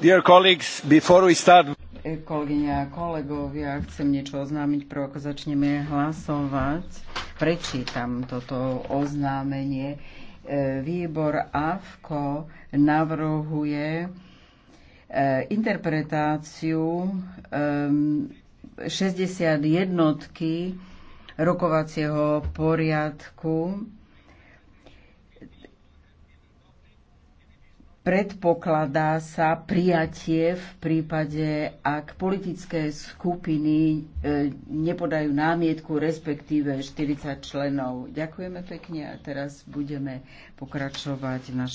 Dear colleagues, before we start... E, kolegyne a kolegovia, chcem niečo oznámiť, prv ako začneme hlasovať. Prečítam toto oznámenie. E, výbor AFKO navrhuje e, interpretáciu 60 jednotky rokovacieho poriadku predpokladá sa prijatie v prípade, ak politické skupiny e, nepodajú námietku, respektíve 40 členov. Ďakujeme pekne a teraz budeme pokračovať v našom